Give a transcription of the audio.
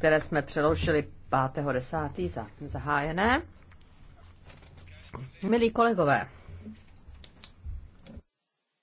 které jsme přerušili 5.10. za zahájené. Milí kolegové,